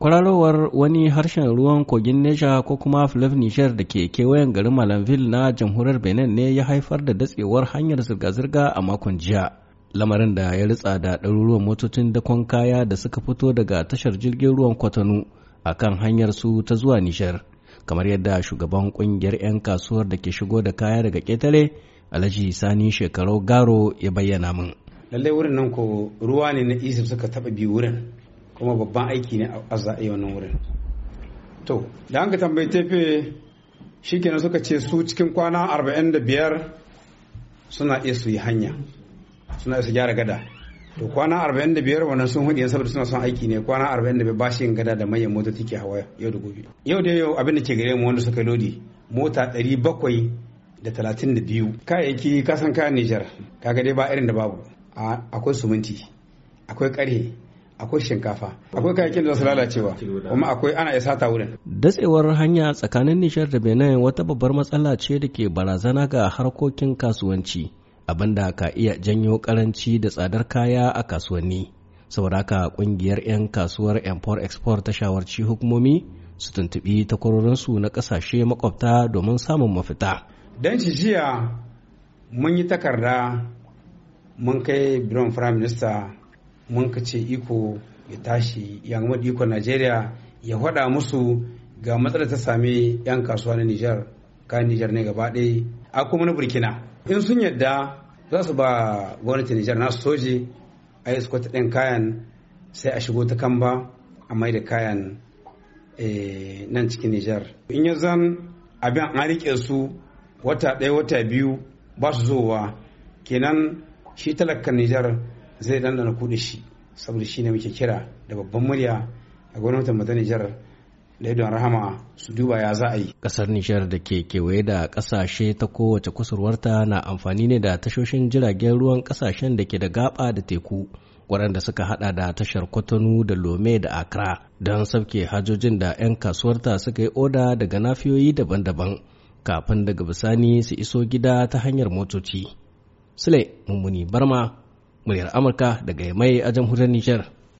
kwararowar wani harshen ruwan kogin Neja ko kuma Flav Niger da ke kewayen garin malamville na jamhuriyar Benin ne ya haifar da datsewar hanyar zirga-zirga a makon jiya. Lamarin da ya ritsa da ɗaruruwan motocin dakon kaya da suka fito daga tashar jirgin ruwan Kwatano a kan hanyar su ta zuwa nishar Kamar yadda shugaban kungiyar 'yan kasuwar da ke shigo da kaya daga ƙetare, Alhaji Sani Shekarau Garo ya bayyana min. Lallai wurin nan ko ruwa ne na Isif suka taɓa bi wurin. kuma babban aiki ne a zaɓe yi wannan wurin to da an ka tambayi tefe shi suka ce su cikin kwana 45 suna iya su yi hanya suna iya su gyara gada to kwana 45 wannan sun hudu saboda suna son aiki ne kwana 45 ba shi gada da manyan mota take hawa yau da gobe yau da yau abin da ke gare mu wanda suka lodi mota 732 kayayyaki kasan kayan Nijar kaga dai ba irin da babu akwai suminti akwai karhe akwai shinkafa akwai kayakin da su lalacewa kuma akwai ana isa ta wurin datsewar hanya tsakanin nishar da benin wata babbar matsala ce da ke barazana ga harkokin kasuwanci abinda ka iya janyo karanci da tsadar kaya a kasuwanni sauraka kungiyar 'yan kasuwar import export ta shawarci hukumomi su tuntubi takwarorinsu na kasashe makwabta domin samun mafita don shi jiya mun yi takarda mun kai biron firayim minista mun ka ce iko ya tashi ya gama iko najeriya ya hada musu ga matsalar ta sami 'yan kasuwa na nijar ka nijar ne gaba ɗaya a kuma na burkina in sun yadda za su ba gwamnati nijar na soji a yi sukwata ɗin kayan sai a shigo ta kamba a mai da kayan eh, nan cikin nijar in ya zan abin an riƙe su wata ɗaya wata biyu ba su zowa kenan shi talakan nijar zai dandana ku da shi saboda shi ne muke kira da babban murya a gwamnatin mata Nijar da idon rahama su duba ya za a yi. Kasar Nijar da ke kewaye da kasashe ta kowace kusurwarta na amfani ne da tashoshin jiragen ruwan kasashen da ke da gaba da teku. waɗanda suka hada da tashar kwatano da lome da accra don sauke hajojin da 'yan kasuwarta suka yi oda daga nafiyoyi daban-daban kafin daga bisani su iso gida ta hanyar motoci sule mummuni barma muryar Amurka daga mai a jamhuriyar Nijar.